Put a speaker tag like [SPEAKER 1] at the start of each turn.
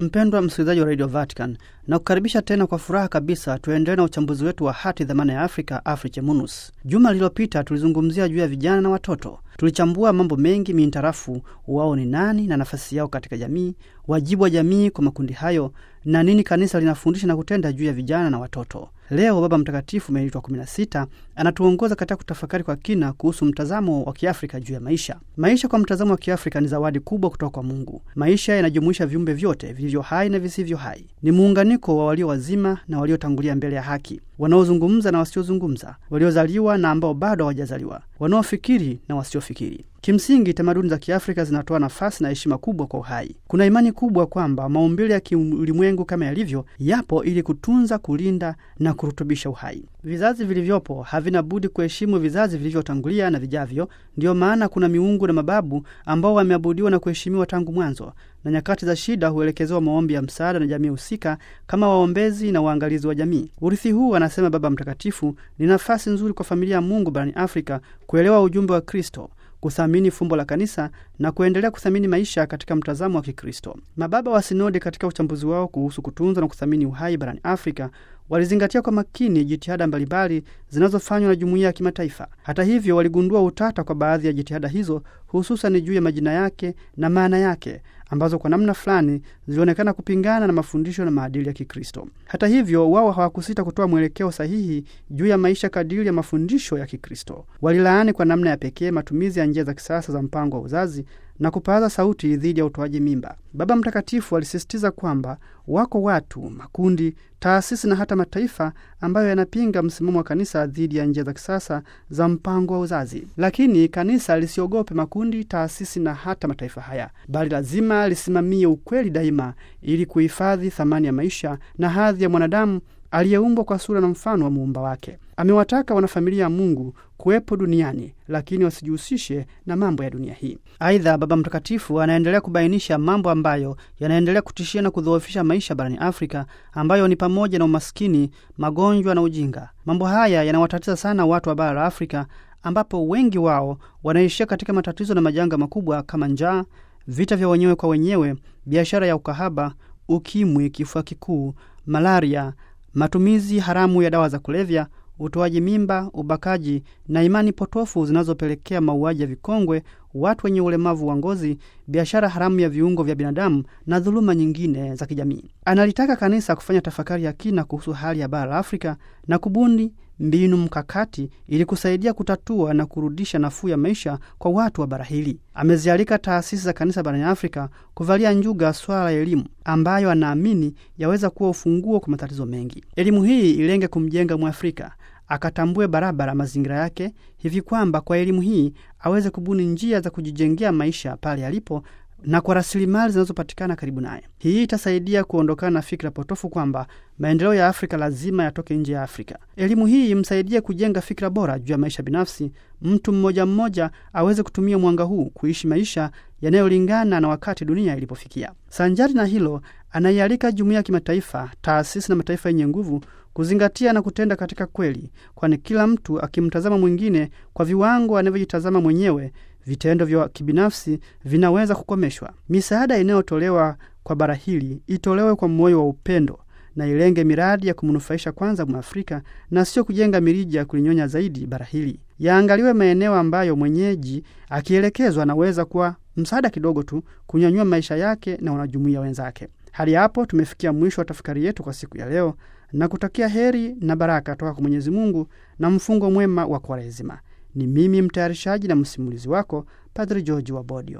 [SPEAKER 1] Mpendwa msikilizaji wa radio Vatican, na kukaribisha tena kwa furaha kabisa. Tuendelee na uchambuzi wetu wa hati dhamana ya Afrika, Africhemunus. Munus. Juma lililopita tulizungumzia juu ya vijana na watoto Tulichambua mambo mengi mintarafu wao ni nani na nafasi yao katika jamii, wajibu wa jamii kwa makundi hayo, na nini kanisa linafundisha na kutenda juu ya vijana na watoto. Leo Baba Mtakatifu Benedikto wa 16 anatuongoza katika kutafakari kwa kina kuhusu mtazamo wa Kiafrika juu ya maisha. Maisha kwa mtazamo wa Kiafrika ni zawadi kubwa kutoka kwa Mungu. Maisha yanajumuisha viumbe vyote vilivyo hai na visivyo hai, ni muunganiko wa walio wazima na waliotangulia mbele ya haki wanaozungumza na wasiozungumza, waliozaliwa na ambao bado hawajazaliwa, wanaofikiri na wasiofikiri. Kimsingi, tamaduni za Kiafrika zinatoa nafasi na heshima kubwa kwa uhai. Kuna imani kubwa kwamba maumbile ya kiulimwengu kama yalivyo yapo ili kutunza, kulinda na kurutubisha uhai. Vizazi vilivyopo havina budi kuheshimu vizazi vilivyotangulia na vijavyo. Ndiyo maana kuna miungu na mababu ambao wameabudiwa na kuheshimiwa tangu mwanzo, na nyakati za shida huelekezewa maombi ya msaada na jamii husika kama waombezi na waangalizi wa jamii. Urithi huu, anasema Baba Mtakatifu, ni nafasi nzuri kwa familia ya Mungu barani Afrika kuelewa ujumbe wa Kristo kuthamini fumbo la kanisa na kuendelea kuthamini maisha katika mtazamo wa Kikristo. Mababa wa sinodi katika uchambuzi wao kuhusu kutunza na kuthamini uhai barani Afrika walizingatia kwa makini jitihada mbalimbali zinazofanywa na jumuiya ya kimataifa. Hata hivyo, waligundua utata kwa baadhi ya jitihada hizo, hususan juu ya majina yake na maana yake ambazo kwa namna fulani zilionekana kupingana na mafundisho na maadili ya Kikristo. Hata hivyo, wao hawakusita kutoa mwelekeo sahihi juu ya maisha kadiri ya mafundisho ya Kikristo. Walilaani kwa namna ya pekee matumizi ya njia za kisasa za mpango wa uzazi na kupaaza sauti dhidi ya utoaji mimba. Baba Mtakatifu alisisitiza kwamba wako watu, makundi, taasisi na hata mataifa ambayo yanapinga msimamo wa kanisa dhidi ya njia za kisasa za mpango wa uzazi, lakini kanisa lisiogope makundi, taasisi na hata mataifa haya, bali lazima lisimamie ukweli daima, ili kuhifadhi thamani ya maisha na hadhi ya mwanadamu aliyeumbwa kwa sura na mfano wa muumba wake. Amewataka wanafamilia ya Mungu kuwepo duniani lakini wasijihusishe na mambo ya dunia hii. Aidha, Baba Mtakatifu anaendelea kubainisha mambo ambayo yanaendelea kutishia na kudhoofisha maisha barani Afrika, ambayo ni pamoja na umaskini, magonjwa na ujinga. Mambo haya yanawatatiza sana watu wa bara la Afrika, ambapo wengi wao wanaishia katika matatizo na majanga makubwa kama njaa, vita vya wenyewe kwa wenyewe, biashara ya ukahaba, ukimwi, kifua kikuu, malaria, matumizi haramu ya dawa za kulevya utoaji mimba, ubakaji na imani potofu zinazopelekea mauaji ya vikongwe, watu wenye ulemavu wa ngozi, biashara haramu ya viungo vya binadamu na dhuluma nyingine za kijamii. Analitaka kanisa kufanya tafakari ya kina kuhusu hali ya bara la Afrika na kubuni mbinu mkakati ili kusaidia kutatua na kurudisha nafuu ya maisha kwa watu wa bara hili. Amezialika taasisi za kanisa barani Afrika kuvalia njuga swala la elimu ambayo anaamini yaweza kuwa ufunguo kwa matatizo mengi. Elimu hii ilenge kumjenga Mwafrika akatambue barabara mazingira yake hivi kwamba kwa elimu hii aweze kubuni njia za kujijengea maisha pale alipo na kwa rasilimali zinazopatikana karibu naye. Hii itasaidia kuondokana na fikira potofu kwamba maendeleo ya Afrika lazima yatoke nje ya Afrika. Elimu hii imsaidie kujenga fikira bora juu ya maisha binafsi. Mtu mmoja mmoja aweze kutumia mwanga huu kuishi maisha yanayolingana na wakati dunia ilipofikia. Sanjari na hilo, Anaialika jumuiya ya kimataifa, taasisi na mataifa yenye nguvu kuzingatia na kutenda katika kweli, kwani kila mtu akimtazama mwingine kwa viwango anavyojitazama mwenyewe, vitendo vya kibinafsi vinaweza kukomeshwa. Misaada inayotolewa kwa bara hili itolewe kwa moyo wa upendo na ilenge miradi ya kumnufaisha kwanza Mwafrika na sio kujenga mirija ya kulinyonya zaidi bara hili. Yaangaliwe maeneo ambayo mwenyeji akielekezwa anaweza kuwa msaada kidogo tu kunyanyua maisha yake na wanajumuiya wenzake. Hadi hapo tumefikia mwisho wa tafakari yetu kwa siku ya leo, na kutakia heri na baraka toka kwa Mwenyezi Mungu na mfungo mwema wa Kwaresima. Ni mimi mtayarishaji na msimulizi wako Padri George Wabodio.